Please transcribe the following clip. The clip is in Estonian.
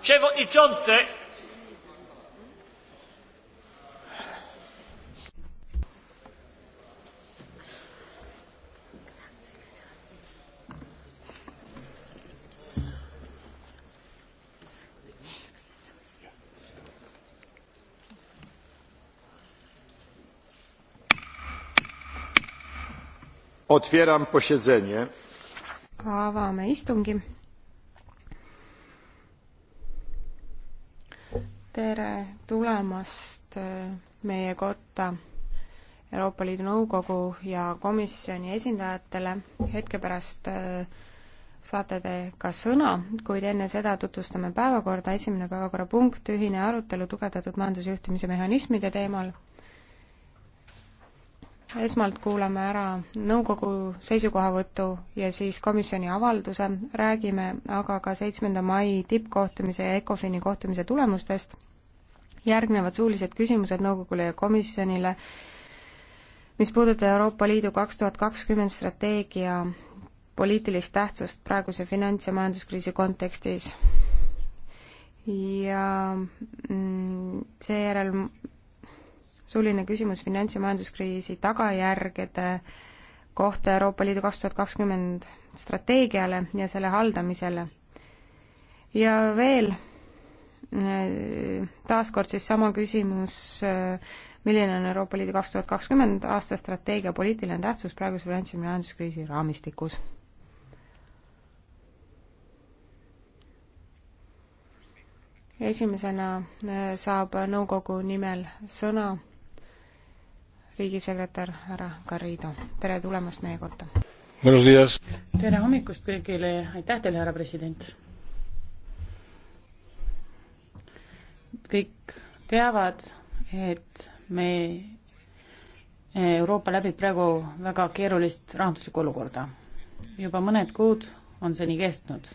Przewodniczący! Otwieram posiedzenie. Avame istungi. tere tulemast äh, meie kotta Euroopa Liidu Nõukogu ja komisjoni esindajatele. hetke pärast äh, saate te ka sõna, kuid enne seda tutvustame päevakorda, esimene päevakorrapunkt, ühine arutelu tugevdatud majandusjuhtimise mehhanismide teemal esmalt kuulame ära nõukogu seisukohavõtu ja siis komisjoni avalduse, räägime aga ka seitsmenda mai tippkohtumise ja ECOFIN-i kohtumise tulemustest, järgnevad suulised küsimused nõukogule ja komisjonile, mis puudutab Euroopa Liidu kaks tuhat kakskümmend strateegia poliitilist tähtsust praeguse finants- ja majanduskriisi kontekstis. ja mm, seejärel suuline küsimus finants- ja majanduskriisi tagajärgede kohta Euroopa Liidu kaks tuhat kakskümmend strateegiale ja selle haldamisele. ja veel äh, taaskord siis sama küsimus, äh, milline on Euroopa Liidu kaks tuhat kakskümmend aasta strateegia poliitiline tähtsus praeguse finants- ja majanduskriisi raamistikus? esimesena äh, saab nõukogu nimel sõna riigisekretär härra Garrido, tere tulemast meie kotta! tere hommikust kõigile, aitäh teile, härra president! kõik teavad, et me, e, Euroopa läbib praegu väga keerulist rahanduslikku olukorda. juba mõned kuud on see nii kestnud